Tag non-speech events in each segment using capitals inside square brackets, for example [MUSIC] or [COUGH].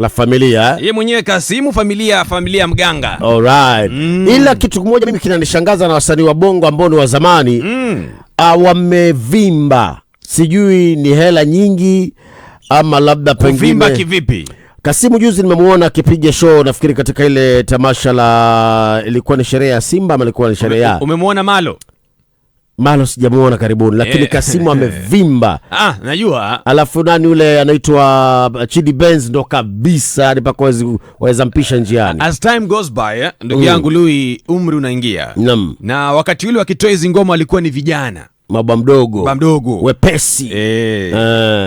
la familia yeye mwenyewe kasimu familia familia mganga. Alright. Mm. Ila kitu kimoja mimi kinanishangaza na wasanii wa Bongo ambao ni wa zamani mm. Ah, wamevimba, sijui ni hela nyingi ama labda pengine. Vimba kivipi? Kasimu juzi nimemuona akipiga show, nafikiri katika ile tamasha la, ilikuwa ni sherehe ya Simba ama ilikuwa ni sherehe ya, umemuona Malo Malo sijamuona karibuni, lakini yeah. Kasimu amevimba [LAUGHS] ah, najua. Alafu nani yule anaitwa uh, Chidi Benz ndo kabisa waweza mpisha njiani. As time goes by eh, ndugu mm. yangu mm. Lui, umri unaingia Nam. na wakati ule wakitoa hizi ngoma walikuwa ni vijana maba mdogo mdogo wepesi e.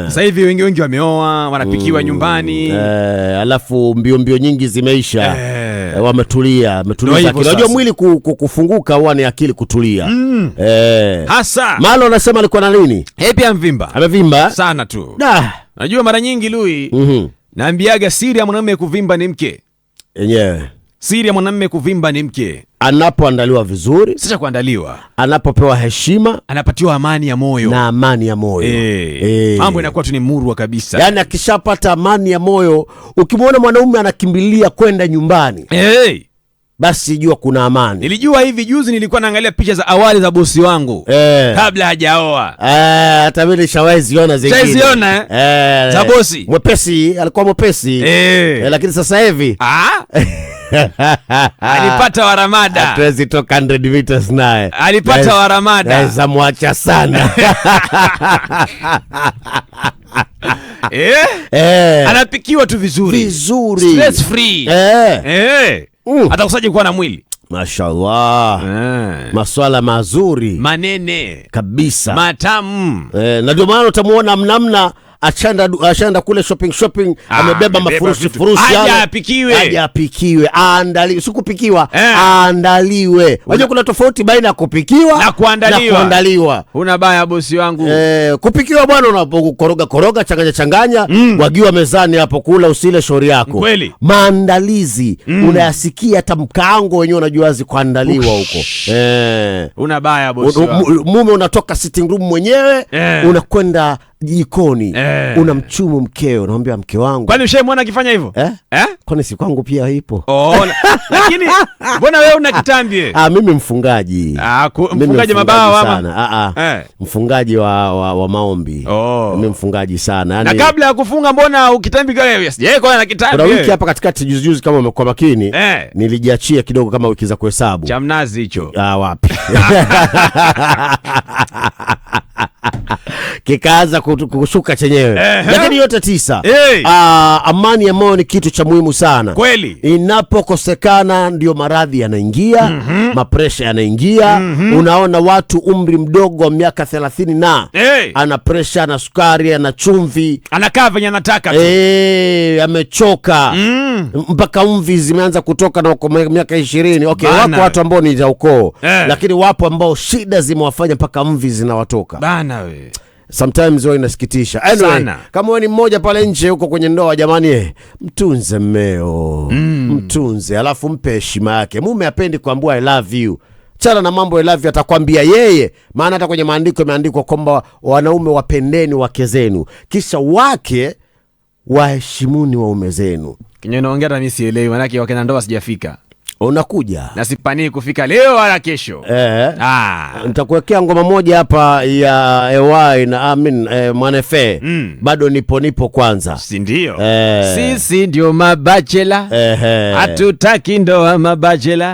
Sasa hivi wengi wengi wameoa wanapikiwa mm. nyumbani eh, alafu mbio mbio nyingi zimeisha eh eh, wametulia ametulia. Unajua mwili kufunguka huwa ni akili kutulia mm. eh. Hasa Malo anasema alikuwa na nini? Yeye amvimba amevimba sana tu da. Najua mara nyingi Lui mm -hmm. naambiaga siri ya mwanamume kuvimba ni mke yenyewe yeah. Siri ya mwanamume kuvimba ni mke anapoandaliwa vizuri, sicha kuandaliwa, anapopewa heshima, anapatiwa amani ya moyo na amani ya moyo e, e, mambo inakuwa tu ni murwa kabisa. Yani akishapata amani ya moyo, ukimwona mwanaume anakimbilia kwenda nyumbani e, basi jua kuna amani. Nilijua hivi juzi, nilikuwa naangalia picha za awali za bosi wangu e, kabla hajaoa hata mimi nishawahi ziona zingine, ziona za bosi mwepesi, alikuwa mwepesi e, lakini sasa hivi ah. [LAUGHS] [LAUGHS] alipata waramada, hatuwezi toka 100 meters naye alipata waramada, naweza mwacha sana [LAUGHS] eh? [LAUGHS] Eh. Anapikiwa tu vizuri vizuri, stress free eh. Eh. Mm. Atakusaje kuwa na mwili Mashallah eh. Maswala mazuri manene kabisa matamu eh, na ndio maana utamuona mnamna ashaenda ashaenda kule shopping shopping, ah, amebeba mafurushi furushi apikiwe apikiwe, aandaliwe, eh. aandaliwe. Unajua kuna tofauti baina ya kupikiwa na kuandaliwa, na kuandaliwa. baya bosi wangu eh, kupikiwa bwana, unapokoroga koroga, changanya changanya, mm, wagiwa mezani hapo, kula usile, shauri yako kweli. Maandalizi mm, unayasikia hata mkaango wenyewe kuandaliwa huko eh, una baya bosi wangu, mume unatoka sitting room mwenyewe eh. unakwenda jikoni eh, una mchumu mkeo, naambia mke wangu. Kwani ushaimwona akifanya hivyo eh? Eh? Kwani si kwangu pia ipo? Oh, lakini mbona wewe una kitambi [LAUGHS] Ah, mimi mfungaji. Ah, mfungaji, mfungaji mabao ama? Ah, ah. Eh. Mfungaji wa, wa, wa maombi. Oh. Mimi mfungaji sana. Yani... Na kabla ya kufunga mbona ukitambi kwa wewe? Je, kwa na kitambi. Kuna wiki hapa katikati juzi juzi kama umekuwa makini, eh, nilijiachia kidogo kama wiki za kuhesabu. cha mnazi hicho. Ah, wapi. [LAUGHS] [LAUGHS] kikaanza kushuka chenyewe lakini yote tisa hey. Aa, ah, amani ya moyo ni kitu cha muhimu sana kweli. Inapokosekana ndio maradhi yanaingia, mm -hmm. mapresha yanaingia, mm -hmm. unaona watu umri mdogo wa miaka thelathini na hey. ana presha, ana sukari, ana chumvi, anakaa venye anataka tu hey, amechoka mm. mpaka mvi zimeanza kutoka na uko miaka ishirini. Okay, wako watu ambao ni za ukoo hey. Eh. lakini wapo ambao shida zimewafanya mpaka mvi zinawatoka bana we sometimes huwa inasikitisha. Anyway, kama wewe ni mmoja pale nje huko kwenye ndoa, jamani, mtunze mmeo mm. Mtunze alafu mpe heshima yake. Mume apendi kuambiwa I love you chana na mambo I love you, atakwambia yeye, maana hata kwenye maandiko imeandikwa kwamba wanaume wapendeni wake zenu, kisha wake waheshimuni waume zenu. Kinyo naongea na mimi sielewi, maana yake na ndoa sijafika unakuja na sipanii kufika leo wala kesho eh. Ah, nitakuwekea ngoma moja hapa ya EY na Amin eh, Mwanefe mm. bado nipo nipo kwanza, si ndio eh. Sisi ndio mabachela hatutaki ndoa mabachela